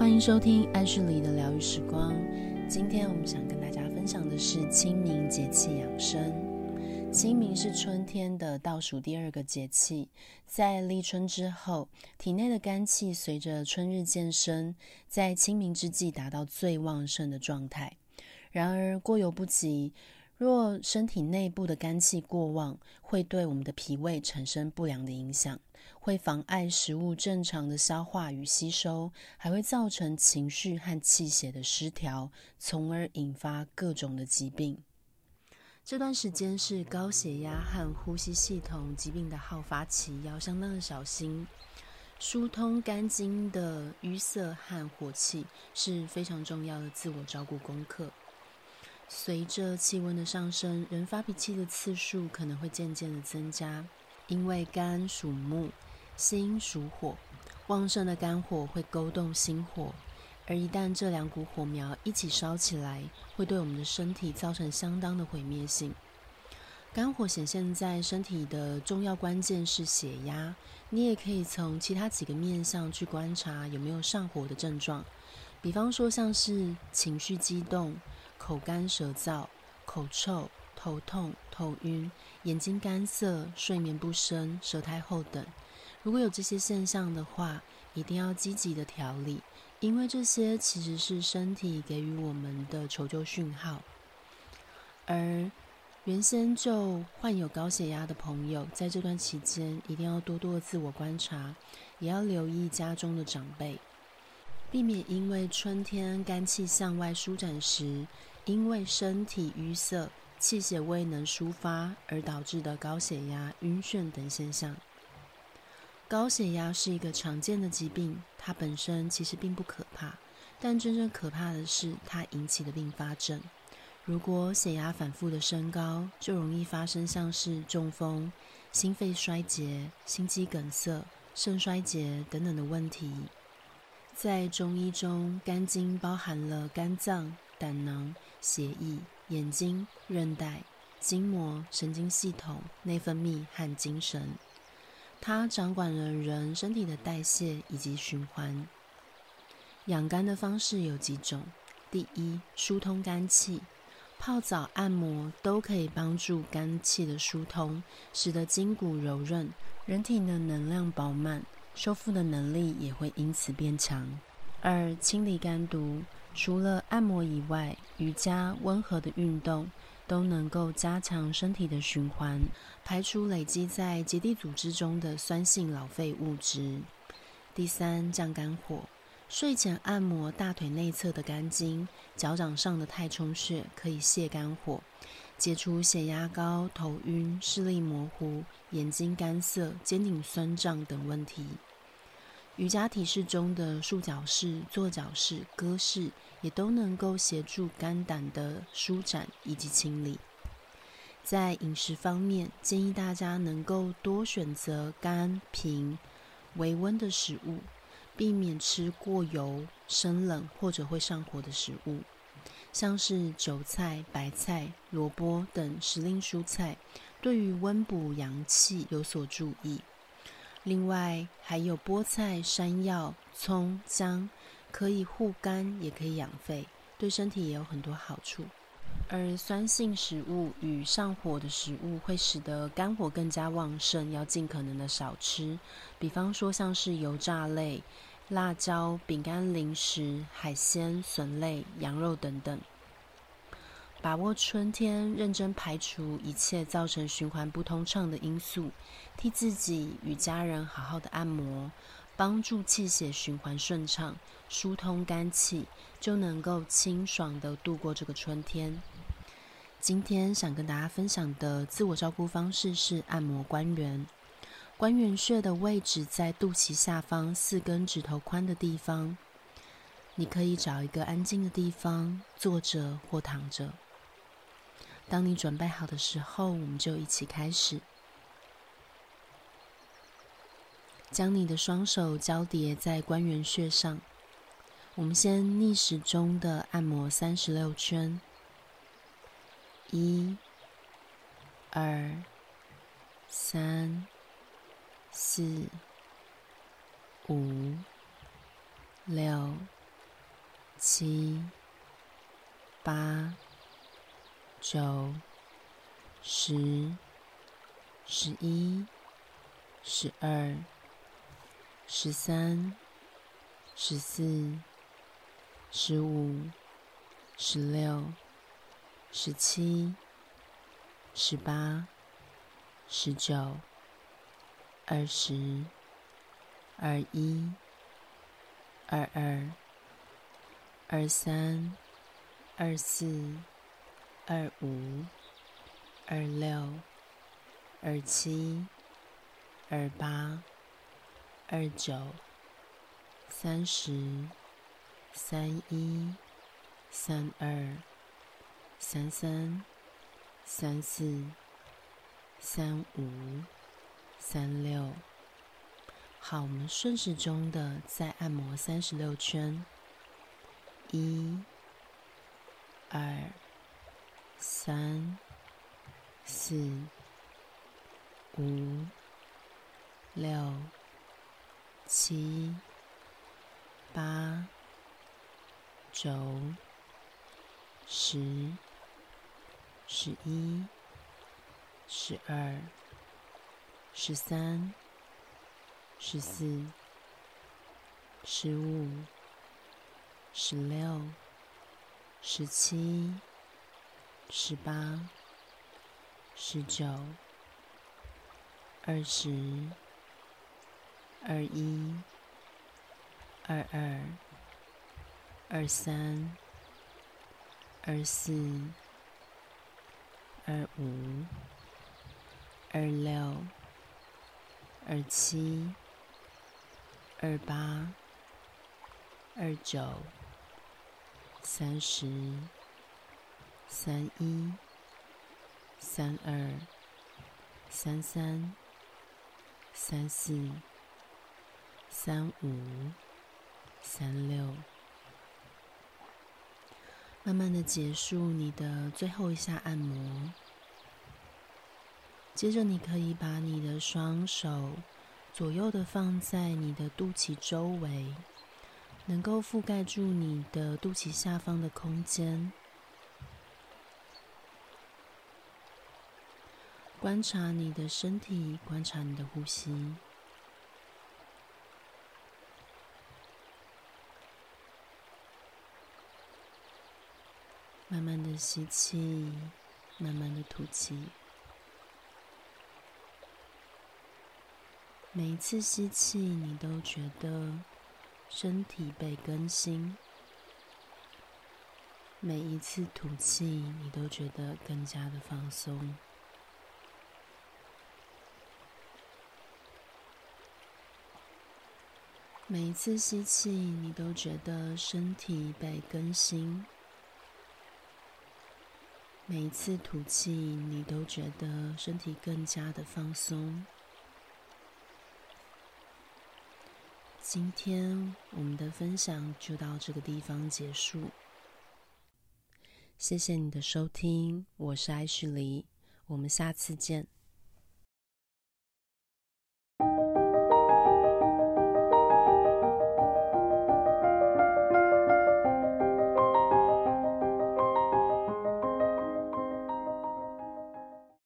歡迎收聽安順里的療癒時光。今天我們想跟大家分享的是清明節氣養生。清明是春天的倒數第二個節氣，在立春之後，體內的肝氣隨着春日漸深，在清明之際達到最旺盛的狀態。然而，過猶不及。若身體內部的肝氣過旺，會對我們的脾胃產生不良的影響，會妨礙食物正常的消化與吸收，還會造成情緒和氣血的失調，從而引發各種的疾病。這段時間是高血壓和呼吸系統疾病的好發期，要相當的小心。疏通肝經的淤塞和火氣是非常重要的自我照顧功課。隨着氣溫的上升，人發脾氣的次數可能會漸漸地增加。因為肝屬木，心屬火，旺盛的肝火會勾動心火，而一旦這兩股火苗一起燒起來，會對我們的身體造成相當的毀滅性。肝火顯現在身體的重要關鍵是血壓，你也可以從其他幾個面向去觀察有沒有上火的症狀，比方說像是情緒激動。口乾舌燥、口臭、頭痛、頭暈、眼睛乾澀、睡眠不深、舌苔厚等，如果有這些現象的話，一定要積極的調理，因為這些其實是身體給予我們的求救訊號。而原先就患有高血壓的朋友，在這段期間一定要多多的自我觀察，也要留意家中的長輩。避免因為春天肝氣向外舒展時，因為身體淤塞、氣血未能抒發而導致的高血壓、暈眩等現象。高血壓是一個常見的疾病，它本身其實並不可怕，但真正可怕的是它引起的併發症。如果血壓反復的升高，就容易發生像是中風、心肺衰竭、心肌梗塞、梗塞、腎衰竭等等的問題。在中醫中，肝經包含了肝臟、膽囊、血液、眼睛、韌帶、筋膜、神經系統、內分泌和精神。它掌管了人身體的代謝以及循環。養肝的方式有幾種：第一，疏通肝氣，泡澡、按摩都可以幫助肝氣的疏通，使得筋骨柔韌，人體的能量飽滿。修復的能力也會因此變強。二、清理肝毒，除了按摩以外，瑜伽、溫和的運動都能夠加強身體的循環，排除累積在結締組織中的酸性老廢物質。第三，降肝火，睡前按摩大腿內側的肝經、腳掌上的太衝穴，可以泄肝火，解除血壓高、頭暈、視力模糊、眼睛乾澀、肩頸酸脹等問題。瑜伽體式中的束角式、坐角式、鴿式，也都能夠協助肝膽的舒展以及清理。在飲食方面，建議大家能夠多選擇甘平、微溫的食物，避免吃過油、生冷或者會上火的食物，像是韭菜、白菜、蘿蔔等時令蔬菜，對於溫補陽氣有所注意。另外還有菠菜、山藥、蔥、薑，可以護肝，也可以養肺，對身體也有很多好處。而酸性食物與上火的食物會使得肝火更加旺盛，要盡可能的少吃。比方說像是油炸類、辣椒、餅乾、零食、海鮮、筍類、羊肉等等。把握春天，認真排除一切造成循環不通暢的因素，替自己與家人好好的按摩，幫助氣血循環順暢，疏通肝氣，就能夠清爽的度過這個春天。今天想跟大家分享的自我照顧方式是按摩關元。關元穴的位置在肚臍下方四根指頭寬的地方，你可以找一個安靜的地方坐着或躺着。當你準備好的時候，我們就一起開始。將你的雙手交疊在關元穴上，我們先逆時針的按摩三十六圈。一、二、三、四、五、六、七、八。九、十、十一、十二、十三、十四、十五、十六、十七、十八、十九、二十、二一、二二、二三、二四。二五、二六、二七、二八、二九、三十、三一、三二、三三、三四、三五、三六。好，我們順時鐘的再按摩三十六圈。一、二。三、四、五、六、七、八、九、十、十一、十二、十三、十四、十五、十六、十七。十八、十九、二十、二一、二二、二三、二四、二五、二六、二七、二八、二九、三十。三一、三二、三三、三四、三五、三六，慢慢的結束你的最後一下按摩。接着，你可以把你的雙手左右的放在你的肚臍周圍，能夠覆蓋住你的肚臍下方的空間。觀察你的身體，觀察你的呼吸。慢慢的吸氣，慢慢的吐氣。每一次吸氣，你都覺得身體被更新。每一次吐氣，你都覺得更加的放鬆。每一次吸氣，你都覺得身體被更新；每一次吐氣，你都覺得身體更加的放鬆。今天我們的分享就到這個地方結束。謝謝你的收聽，我是艾旭黎，我們下次見。